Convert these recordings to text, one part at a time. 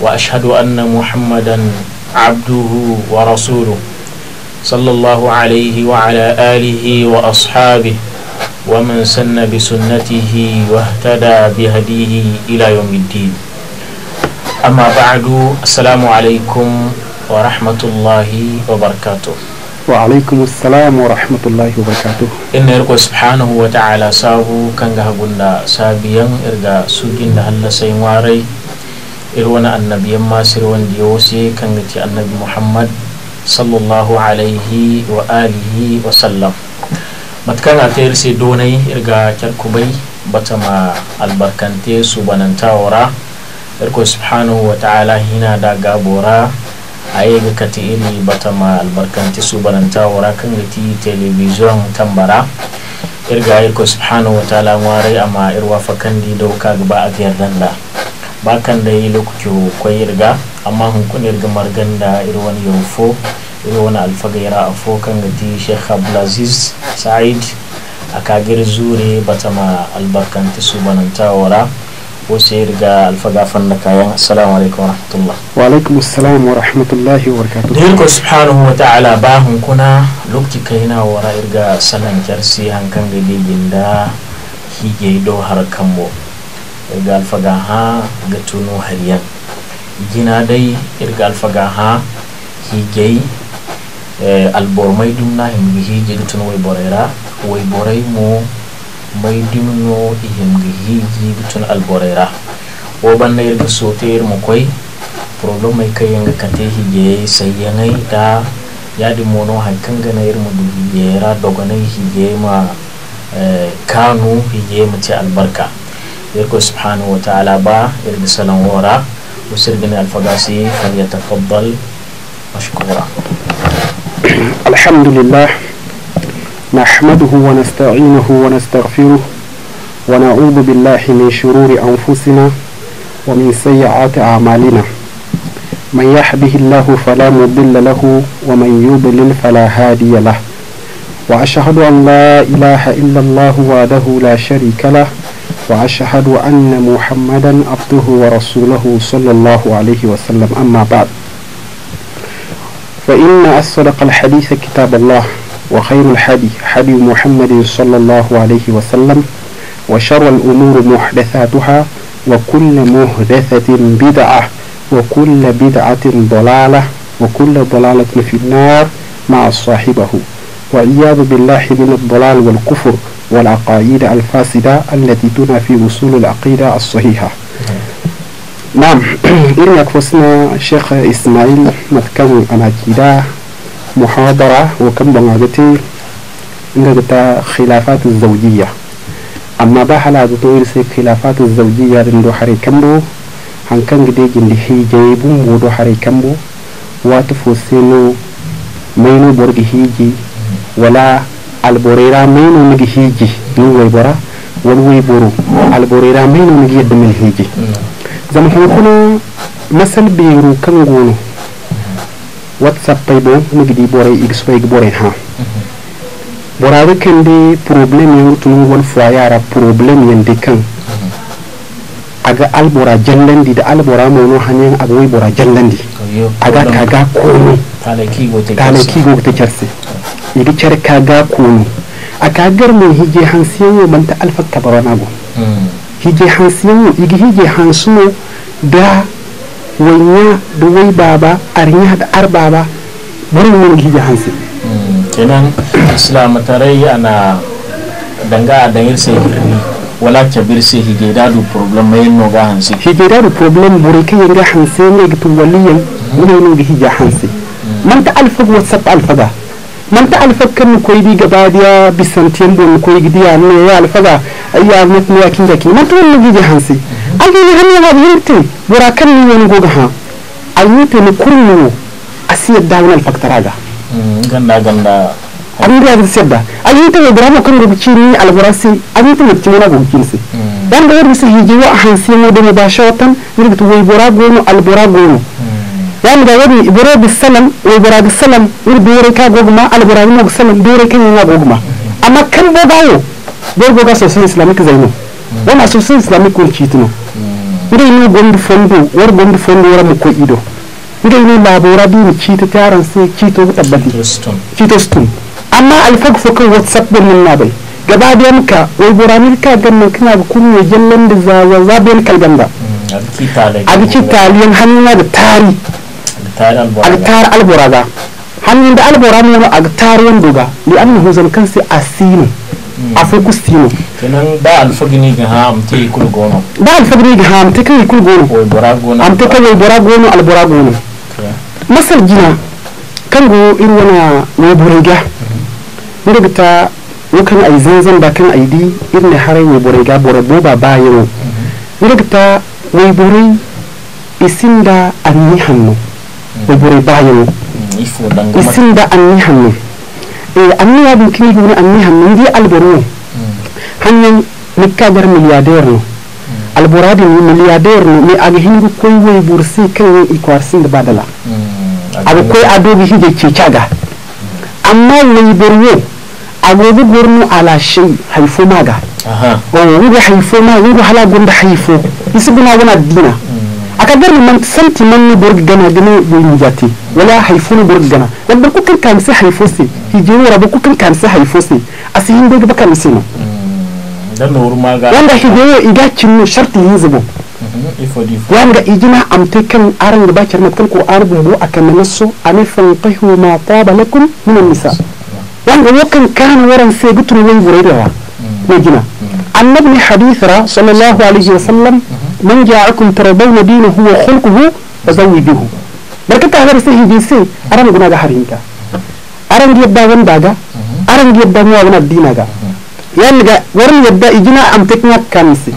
وأشهد أن محمدا عبده ورسوله صلى الله عليه وعلى آله وأصحابه ومن سن بسنته واهتدى بهديه إلى يوم الدين أما بعد السلام عليكم ورحمة الله وبركاته وعليكم السلام ورحمة الله وبركاته إن إرقو سبحانه وتعالى سابو كان غابونا سابيا إرقا سوجين هل سيماري irwana wani annabi yamma sir wanda ya kan gaci annabi muhammad sallallahu alaihi wa alihi wa sallam a tayar sai donai irga kyarkubai bata ma albarkante su wara irko subhanahu wa ta'ala hina da gabora a yi ga kati iri bata ma albarkanti su banantawara kan gati telebijin tambara irga irko subhanahu wa ta'ala warai amma irwa fakandi dauka gaba a yardan da lokacin lokkuco koyirga amma hunkunin marganda iri won yo yaufo iri wani alfagayra a fokan ga ti cheikh abdulaziz said kagir zure batama albarkanti wara ko sai irga alfaga fanna kayan assalamu alaikum rahmatullah wa alaikum assalam wa rahmatullah wa barakatuh da irko subhanahu wa ta'ala ba hunkuna kai kaina wara irga sanan jarsi hankan ga da hige do harkan mu alfaga ha ga tuno hariyan gina dai irga alfaga ha eh, albor mai dum na himgi hijin tun wai borera wai borai mo mai dum no himgi hiji tun alborera wo banna irga soter mo koi problem mai kai yanga kate hige sai yangai da yadi mono hankan gana irmu du higera dogonai hige ma eh, kanu hige mu ce albarka يلكو سبحانه وتعالى با يلقى سلام ورا وسرقنا الفقاسي فليتفضل مشكورا الحمد لله نحمده ونستعينه ونستغفره ونعوذ بالله من شرور أنفسنا ومن سيئات أعمالنا من يحبه الله فلا مضل له ومن يضلل فلا هادي له وأشهد أن لا إله إلا الله وحده لا شريك له وأشهد أن محمدا عبده ورسوله صلى الله عليه وسلم أما بعد فإن أصدق الحديث كتاب الله وخير الحديث حدي محمد صلى الله عليه وسلم وشر الأمور محدثاتها وكل محدثة بدعة وكل بدعة ضلالة وكل ضلالة في النار مع صاحبه وإياذ بالله من الضلال والكفر والعقائد الفاسدة التي تنافي أصول العقيدة الصحيحة نعم إن يكفصنا شيخ إسماعيل مذكر أنا كده محاضرة وكم بمعجتي إن خلافات الزوجية أما بقى على سي خلافات الزوجية لندو حري كمبو هن كان جدي جندي هي جايبون بودو حري كمبو واتفو سينو مينو برجي هيجي ولا alborera mainu nigi hiji min waybora wal wayboro alborera mainu nigi yadda min hiji zam hon kuna masal beeru gono whatsapp pay bo nigi di boray x pay boray ha borare kende problem yang tunu wal foyara problem di kan aga albora jallandi da albora mono hanyan aga bora jallandi aga kaga kono tana kigo ta kerse iri charka ga kuni akagar me hije hansiyan yo manta alfa kabarona go hmm. hije hansiyan yo igi hije hansuno da wanya da wai baba arnya da ar baba burin mun hije hansi hmm. kenan islam tarai ana danga a da yirse wala cabir se higedadu problème yen noga hansi higedadu problème bore ka yenga hansi ne gitu waliyan ne no gi hija hmm. hansi man ta alfa wa sab alfa ga manta alfakkan ni koydi gabadiya bisantiyan bon koy gidi ya ne ya alfaga ayya met ne yakin daki manta wani gidi hansi agi ni hanni ha yimti burakan ni yon goga ha ayyuta ni kurnu asiyar dawon alfaktaraga ganda ganda abinda ya sedda ayyuta ne drama kan rubuci ni alburasi ayyuta ne timuna gogi se dan da wani sai hiji wa hansi mu da mubashawatan ni da tuwai burago no alburago no يعني داودي براد السلام وبراد السلام والبوري كا غوغما البراد نوغ السلام بوري كا غوغما اما كم باباو بور بوغا سوسين اسلاميك زينو وانا سوسين اسلاميك ولكيتنو ndai ni gondi fondo war gondi fondo wara mukko ido ndai ni labora duni cita taran sai cito tabbati cito stun amma alfag fuka whatsapp din na bai gaba da yanka wai buramir ka gannan kana ga kunye jallan da zawa zabiyan kalganda a bikin taliyan hannu da tari agtar alboraga hannin da albora mono agtar wondoga li annahu zan kan se asino a fokus tino kenan da alfagini ga ha amte ikul gono da alfagini ga ha amte kan ikul gono amte kan albora gono albora gono masal jina kan go irin wana ne burega burega ta wukan ai zanzan ba kan ai di irin harai ne burega bora boba bayo burega ta wai bore isinda anni hannu buburi bayan. Mm, isinda anni hanne e anni ya dun kini dun anni hanne ndi alboru mm. hanyan nikka gar milliardaire no mm. alboradi ni milliardaire no me aga hingu koy way bursi kai way ikwar sinda badala aga koy adobi hije cicaga amma way borwo agobi gorno ala shay haifo maga o oh, wugo haifo ma wugo hala gonda haifo isi guna guna dina أقدر من سنت مني برج جنا جنا بنجاتي ولا حيفون برج جنا لما كوكن كان سح يفوسي يجيني رب كوكن كان سح يفوسي أسيهم برج بكم سنة wanda higeyo iga cinno sharti yinzibo wanga ijina amte kan aran da bakir matkan ko arbu mu akan nasu ani fanqihu ma taba lakum min an-nisa wanga wakan kan waran sai gutun wani gure da wa ne gina annabi hadithra sallallahu alaihi wasallam من جاءكم ترضون دينه وخلقه فزوجوه بركة هذا سهي جيسي أرام قناغا حرينكا أرام يبدا ونداغا أرام يبدا مواغنا ديناغا يالغا يعني ورن يبدا إجنا أمتكنا كامسي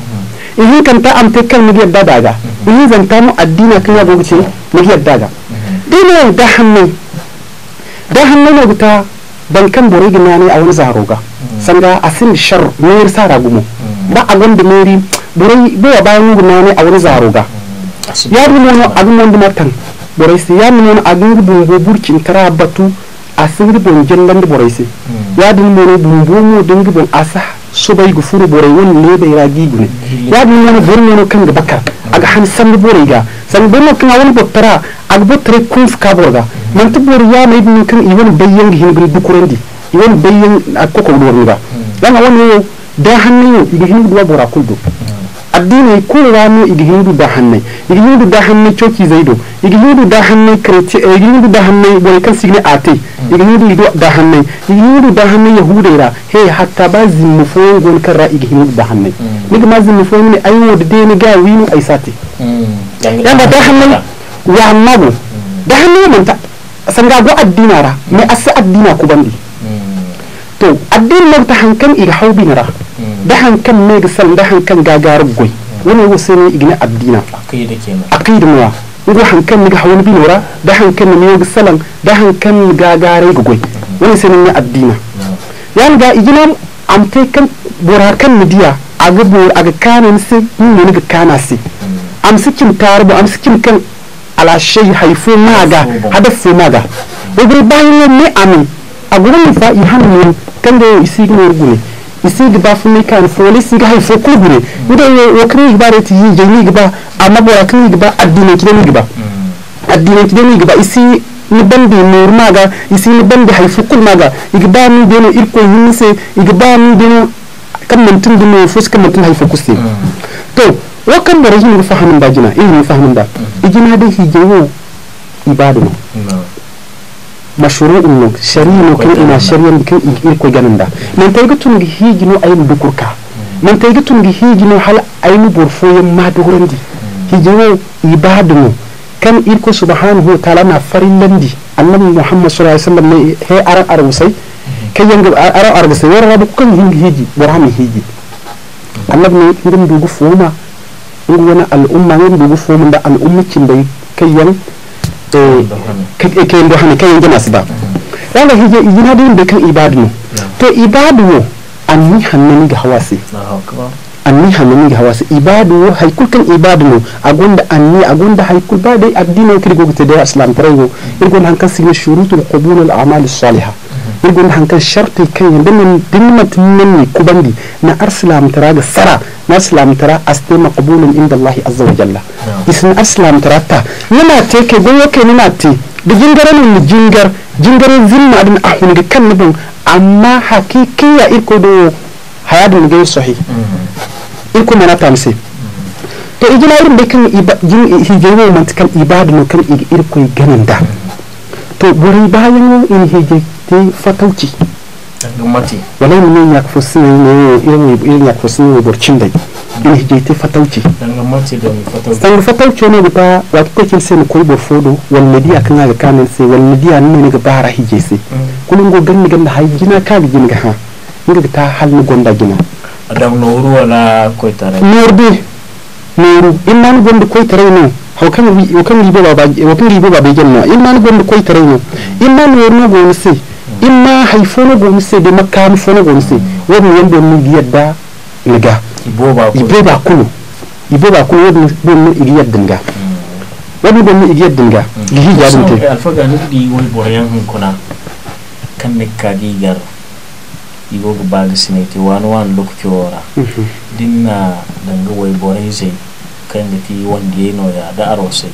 إذن كانت أمتكنا نجي يبدا داغا إذن زنتامو الدينا كنا بوغشي نجي يبداغا دينا دحمي دحمي نغتا بنكم بوريغناني أون زاروغا سنغا أسن الشر مير سارا قمو ما أغن بميري borai bewa bayan nungu nane a zaruga mm. ya bi mono agin wanda matan borai si ya bi mono agin bumbu burkin tara batu a bon jellan borai si mm. ya bi mono bumbu mo dingi bon asa subai gu furu borai wani ne bai ragi gune mm. ya bi mono borai mono kan ga bakar aga han san borai ga san borai mono kan wani bottara aga bottare kun fuka borga man ta borai ya mai bin kan iwan bayyan gihin gri dukurandi iwan bayyan akoko dorni ba dan wani da hannu igin duwa bora kuldu addinay kun waanu igihindu daahanay igihindu daahanay choki zaido igihindu daahanay kreti igihindu daahanay walikan signe ate igihindu daahanay igihindu daahanay yahudeyra hey hatta bazi mufon gon kara igihindu daahanay niga mazi mufon ni ayo dene ga winu aisati yamba daahanay wa nabu daahanay manta sanga go addinara me asa addina kubandi to addin na da hankan iga hau binara hmm. da hankan ne ga sal da hankan gagarar goi hmm. wani wasu ne igina addina aqida mawa ngo hankan ga hau binara da hankan ne ga salan da hankan gagarar goi hmm. wani sai ne addina yan ga igina amte kan burakan midiya aga bor aga kanin sai ne ga kana se am sikin tarbo am sikin kan ala shay haifu maga hadaf maga wani bayan ne amin aguma fa ihanun tango isigno gune isig ba fumi kan fole siga hay fo ko gune nde wo kri ba reti yi je ni gba amma bo kri gba addine kide ni gba addine kide ni gba isi ni bandi nur maga isi ni bandi hay fo kul maga igba mi deno irko yinse igba mi deno kam man tun dino fo kam man tun hay fo kusi to wo kam da rajin fahamin da jina in fahamin da igina da hijewo ibadu no mashru'un no shari'i no kan ina shari'an kan irko gananda nan tay gutun gi hiji no ayin dukurka nan tay gutun gi hiji no hal ayin burfo yam ma durandi higi no ibadu no kan irko subhanahu wa ta'ala na farin landi annabi muhammad sallallahu alaihi wasallam ne he aran arusai kai yanga aran arusai wara rabu kan hingi higi warami hiji. annabi ne ngum dugu fuma ngu wana al umma ngum dugu fuma da al umma kin bai kai yanga to kayin do hani kayin jama siba wala hije yina din be kan ibadu ne. to ibadu wo anni hannani ga hawasi anni hannani ga hawasi ibadu wo haikul kan ibadu ne no agonda anni agonda haikul ba dai addini kirgo gute da islam tarewo irgon hankan sigin shurutul qabul al a'mal as-salihah irgun hankali sharti kan yadda dinnan dinnan nan ne kubandi na arsalam tara da sara na arsalam tara aste maqbulun inda Allah azza wa jalla isin arsalam tara ta yana te ke goyo ke nina te da jingaran ni jingar jingare zimma adin ahun ga kan nabin amma hakikiya irko do hayadin ga sahi irko mana tamsi to igina irin da kan jin kan ibadu kan irko ganin da to guri bayan in hije te fatauci dumati wala mun ya ko sun ne ne ne ya ko sun ne burcin da in hije te fatauci dumati da fatauci dan fatauci ne ba wa ko kin sai ko bo fodo wal media kan ga kanin sai wal media ne ne ga bara hije sai mm. kullun go ganni ganna hay gina ka gina ga ha ngi ta hal ni gonda gina adam no ruwa na ko tare norbe noru in nan gonda ko tare ne hokan ribe baba hokan ribe baba genna imma no gondo koy tarayno imma no yorno goni se imma hayfono goni se de makkano fono goni se wodi yende no yedda niga iboba iboba kulu iboba kulu wodi bonno igi yedda niga wodi bonno igi yedda niga gigi jadum te alfa ga nudi wol boryan hun kuna kan ne kagi gar iboga baga sinete wani wani lokaci wora mhm. dinna danga wai borai zai ti wanda ya da arosai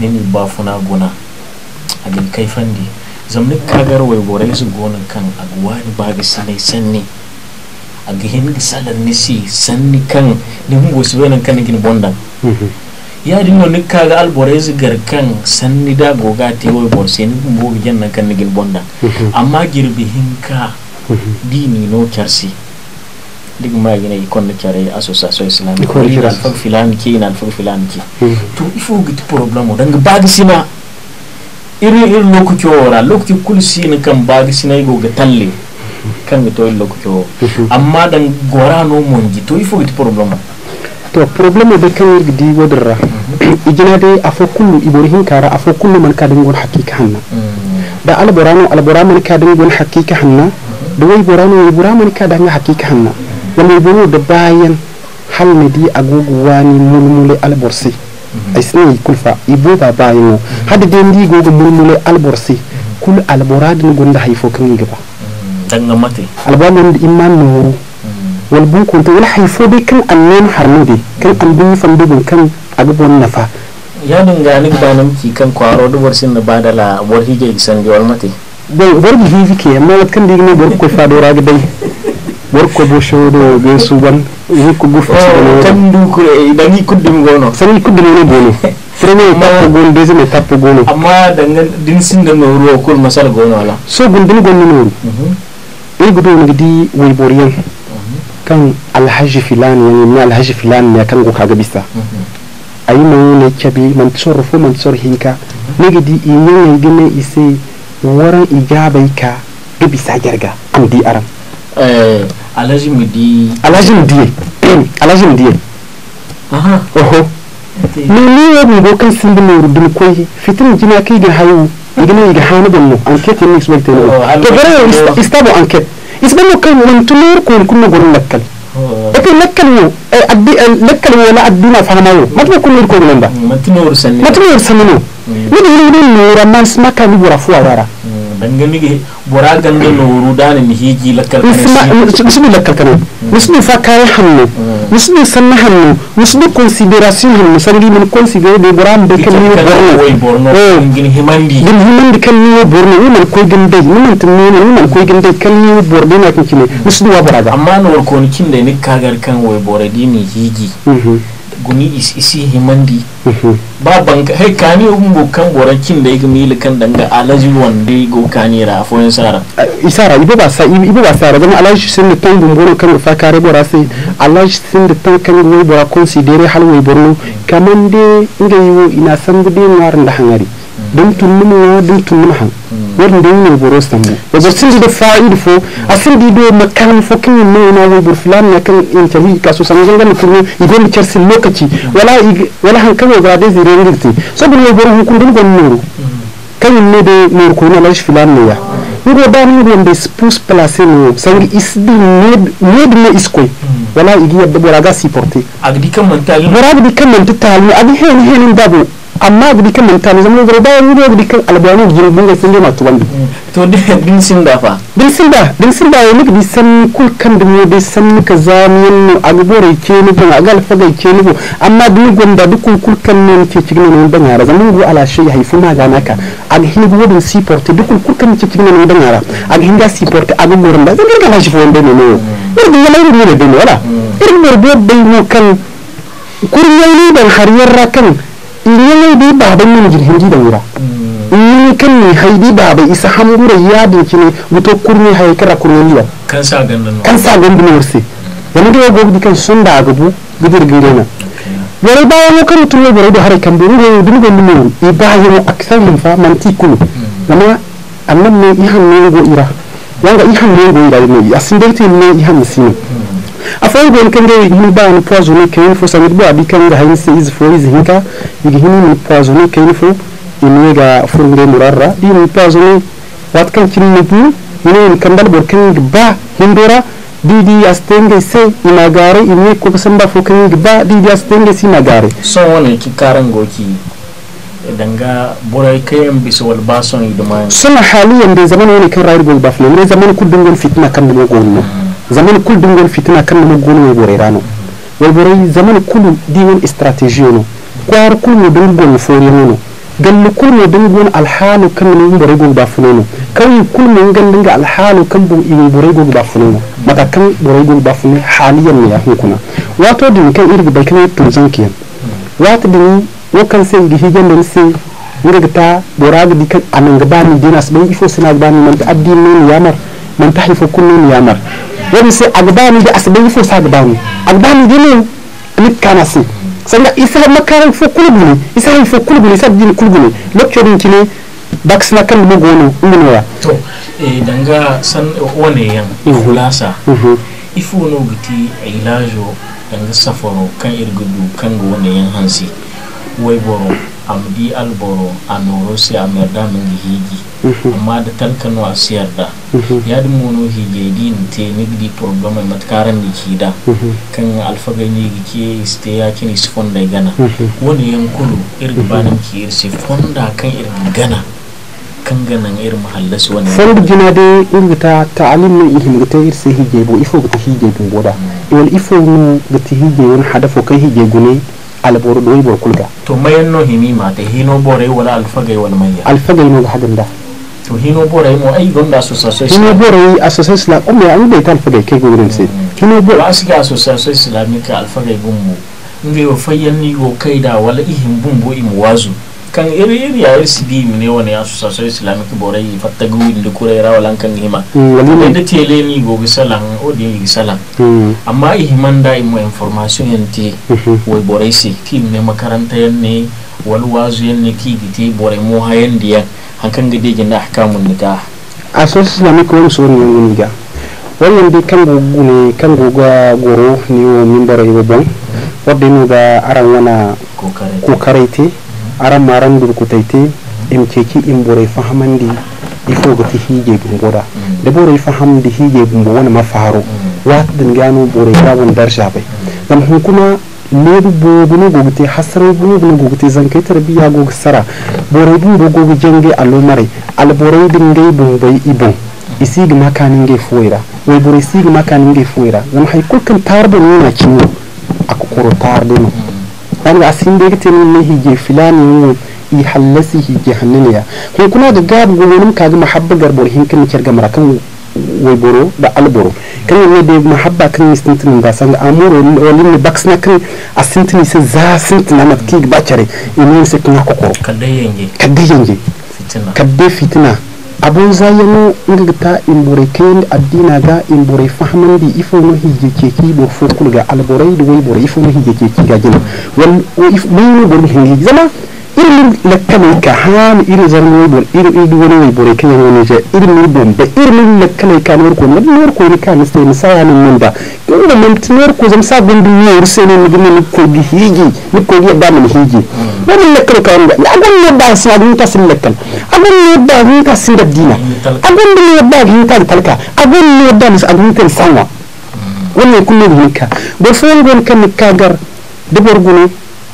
nini mhm. bafuna gona agin kaifandi zamni kagar wai gore su gonan kan ba ga sanai sanni a ga hin salan nisi sanni kan go su benan kan gin bondan mhm. ya no ni kaga albore su gar kan sanni da goga te wai sai ni mbo gin nan kan gin bondan mhm. amma girbi hin ka dini no charsi duk ma gina ikon na kyare association islamic ko nan filan ki nan filan ki hmm. to ifo git problem o danga bag sina iri iri lokaci wora lokaci kul sina kan bag sina go ga talle kan ga to lokaci amma dan gora no mon gi to ifo git problem to problem be kan gidi wadra hmm. ijina dai afo kullu iborhin kara afo kullu man ka hakika hanna hmm. da alborano alboraman ka dangon hakika hanna da wai borano iborano boraman ka dangon hakika hanna wani zuru da bayan halmidi agogo wani mulmule alborsi mhm. ay sini kulfa ibo ba bayan mu mhm. hada de ndi gogo mulmule alborsi mhm. kul alboradin gunda haifo kan yi kan gaba danga mate alborad ni imman no wal bu kun to wal hay fo kan annan harno kan an bi fan dubin kan agabon nafa ya dinga ni ba nam ki kan kwaro dubar sin da badala war hije isan di wal mate dai war bi hifi ke amma kan diga ne bor ko fa do raga dai worko bo shooɗo be suban wonko guftan oh, eh, dani kuddemi gono sani kuddemi wono bono premier étape gono deuxiéme étape gono amma dangan din sindango wuro kol masala gono ala so gondini gonninoru ɓey mhm. goto won di woybor yan mhm. kan alhaji filani yan yimni alhaji filani kan kango kaga bisa mhm. ayi mawone cabi man soro fo man soro hinka negidi i ñoyay gene i sey waran i jaabay ka ga jarga am di aram alhaji mudi alhaji mudi alhaji mudi aha oho no ni wa mi go kan sindu no rudun koy fitin jina kay ga hayu igina iga hanu bonno anket ni expect no to bare istabo anket isbanu kan wan tunur kun kunno gorun lakkal لكن لكن أدي لكن ولا أدينا فهمه ما تقول نور كوغلندا ما تنور سنين ما تنور سنين ما تقول نور ما اسمك نور فوارا ge bora ganda noru dani mi hiji lakkal nismi lakkal kana nismi hmm. fa kay hanno nismi hmm. sanna hannu nismi consideration hanno sangi min considere be bora be kan ni borno oh. gin himandi gin himandi kan ni borno ni man koy gin dai ni man tan ni man koy gin dai kan ni borno na kin kine nismi wa bora amma no ko ni kin dai ni kagar kan way bora di mi hiji mhm. guni is isi himandi mm-hmm. ba banka hey kani um go kan gora kin da yake mili kan danga alaji wande go kani ra fo sara uh, isara ibo ba sa ibo ba sara zama alaji sun da tan gumboro kan fa kare bora sai alaji sun da tan kan go bora considere halwe borno mm. kaman de inga yiwo ina san gudin war da hangari دمتنمو دمتنمها ورندين البروستم وبرسل دي فايد فو أصل دي دو مكان فو كن نونا وبر فلان يكن انتهي كاسو سنجنغا نكرو يدين تشرس اللوكتي ولا ولا هنكو غادي زيرين لكتي سبب يبرو هنكو دلغن نورو كان نودي نوركونا لاش فلان نويا nigo dani wonde spus placé no sangi isdi ned ned ne iskoy wala igi yadde boraga supporter agdi kam mental boraga di kam mental agi hen hen dabo amma gudi kan manta ne zaman zai bayan wuri gudi kan albani da jirgin da sun jama tuwan to din sin da fa din sin da din sin da yana bi san kul kan da ne bai san ka zamiyan a agbore ke ni ban agal faga ke ni amma din gonda duk kul kan ne ke cikin nan ban yara zaman go ala shi haifu ma ga naka ga hin go din si duk kul kan ke cikin nan ban yara ga hin ga si a ag da zan ga na shi fo wanda ne ne irin yalai ne ne da ne wala irin ne bai dai kan kuriyai ne ban hariyar rakan iliyanai dai baban mini jirgin gida wura mm. ni kan ni haidi baba isa hambura ya dinki ne wuto kurni hay kara kurni liya kan sa gandan kan sa gandan wurse Yana da gobe kan sun da gabu gidir girena wani bayan ya karu tun yau da harai kan buru ne dun gondu ne i bayan mu aksar limfa manti kulu mm. amma annan ne ihan ne go ira wanga ihan ne go ira ne asin dai te ne ihan misini mm. afangu nkenge himbana poison ke info samidbo abikenga hainse izfo izhinka igihini ni poison ke info inwega furunge murarra in poison watkan chinnibu ne kambal borken gba hindora didi astenge se inagare inwe ko samba foken gba didi astenge si nagare so woni ki karango ki danga boray kayan bisa wal bason iduma sona haliyan de zaman woni kan rayir gol bafle ne zaman ku dungon fitna kan mo gonna zaman kul dum gon fitina kan mo gono wo bore rano wo bore zaman kul di won strategy no kwar kul mo dum gon fori no galli kul mo dum gon alhalu kan mo bore go ba funo no kai kul mo gan dinga alhalu kan bu i bore go ba funo no mata kan bore go ba funo haliyan ne ya hukuna wato din kan irga bai kan tun zankiyan wato din wo kan sai gihi gan sai nga ta boraga di kan anan ga bani dinas ban ifo sina ga bani man ta addin ne yamar man ta hifo kunni yamar wonse agbaniɗo da fof sa gbani agbaniɗo noon mit kana si sanga isaha makkaran fof kulguni isahan fof kulguni isa dini kulguni loccoɗin kine baksina kamɓe mo gono uminoya to eh, danga san woneyan mhm. hulasa mhm. il no giti village o danga saforo kan irgudu kan woneyan hansi way boro am di alboro a noro si a merda mhm. amma da talkano a siyarda yaadin mono hi beedi nte nigdi problema matkarandi kida mhm. kan alfagani ke iste yakini sifonda gana wani mhm. yankulu ba banam mhm. ki irse fonda kan irga gana kan gana ir mahallas wani fonda jina de irga ta ta'alim ihin ihim gata irse hije bo ifo gata hije bin boda wal ifo nu gata hije wani hadafo kai hije gune alboro do ibor kulga to mayan no ma ta hino bore wala alfagai wal maya alfagai no ga hadin da to hino borai mo ai gonda association hino borai association islam o me an da ita alfagai kai gurin sai hino borai ba su ga association islamic alfagai gummu ngai o fayyani go kai da wala ihin bumbo imu wazu kan iri iri ya isi bi mine wani ya susa so islamic yi fatta gu da kura ira walan kan hima mm, wani da tele ni go gisalan o di gisalan mm. amma ihiman da imu information yante mm-hmm. wai borai si ti ne makaranta yanne wal wazu ne ki gite bore mo hayen diya hankan ga dege na ahkamun nika a so islamic wani so ne wani ga wannan dai kan gugu ne kan guga goro ne wa bare yi babban wadda yi ga aran wana kokare te aran maran durkutai te imkeki in bore fahamandi ifo ga hige gumboda mm. da bore faham da hige gumbo wani mafaro mm. wata dangano bore rabon darsha bai dan hukuma medu boguno gogte hasare bunu bunu gogte zankai tarbiya gog sara borai bun do gog jange alumare al borai dingai bun bai ibon isi gima kanin gai fuwaira wai borai isi gima kanin gai fuwaira zama hay kulkan tarbo ne na cinyo akukoro tarde no dan asin de gite ne hige filani ne i hallasi hige hannene ya kun kuna da gabu gonum kaga mahabba garbor hinkin kirga marakan ወይቦሮ ba ከን ወደ ማሐባ ከን ስንትን እንዳሳን አሙሮ ወልን ባክስና na አስንትን ይሰ ዛ ስንት ናናት ኪግ ባቸሬ ኢሜን ስክና ኮኮሮ ከደየንጂ fitina abun zayano imbore kayan addina ga imbore fahman di ifo no hije bo fokul ga alborai da wai ifo no hije keki ga gina wal o no zama ilmi la kalaykahaan irzawayburikanyaaniza ilmi bombe ilmi la kalaykaan warkoon warkoynikaanistemisaaninimba mamtinwarkozamsaa bombi yorsennigmnikogihigi nikogiyabamanhigi wamin la kalaykaanga agonnodaasinagmintasinlakan agonnodaahinkasindabdina agonnodaahinkaalitalka agonnodaanis agmintensanwa wannan kullum hinka ba fongon kan nikagar dabar gune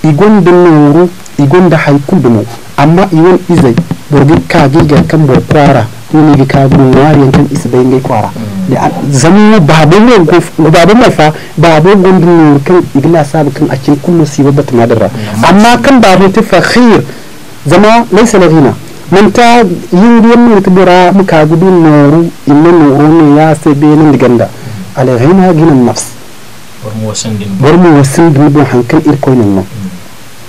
igon da nuru igonda hay kuldumo amma iwon izai burgi ka ga kan bor kwara ni ga ka bu wari yankan isbai ngai kwara mm. da zamu babu ne babu mai fa babu ne kan igla sabu kan a cikin kullu si babba tana darra mm. amma kan babu ta fakhir zama laysa lagina man ta yindiyan ta bura muka gudun noru inna noru ne ya sai be nan diganda mm. alaghina ginan nafs mu wasan din mu wasan din bu hankan irkoinan nan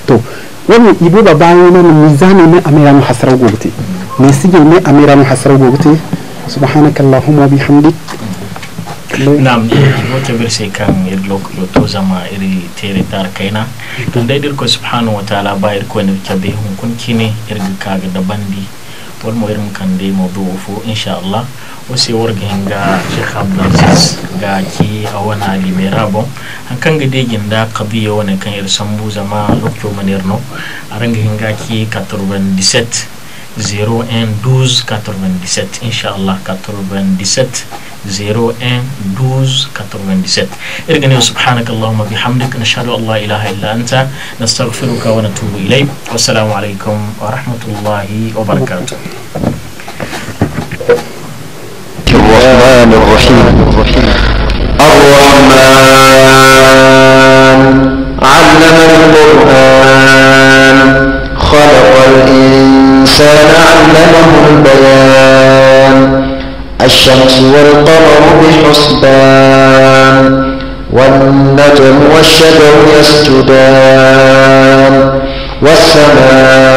to wannan ibo ba bayan nan mizani ne amira mu hasar gobe ne sigil ne amira mu hasar gobe subhanaka allahumma bihamdik nam wata bir sai kan yadda to zama iri tere tar kaina to daidai ko subhanahu wa ta'ala bayar ko ne ta be hun kun kine irga kaga da bandi wal mu kan dai mawdu fu insha allah wasewar ginda sheikh abdulaziz ga ki a wana mai rabon an kan gade ginda kabiya wani kan yar sambu zama lokacin manir no a ranga hinga ki 97 01 12 97 insha Allah 97 01 12 97 irgani wa subhanaka Allahumma bihamdik na shahadu Allah ilaha illa anta nastaghfiruka wa natubu ilai wassalamu alaikum wa rahmatullahi wa barakatuh الرحيم الرحمن علم القرآن خلق الإنسان علمه البيان الشمس والقمر بحسبان والنجم والشجر يسجدان والسماء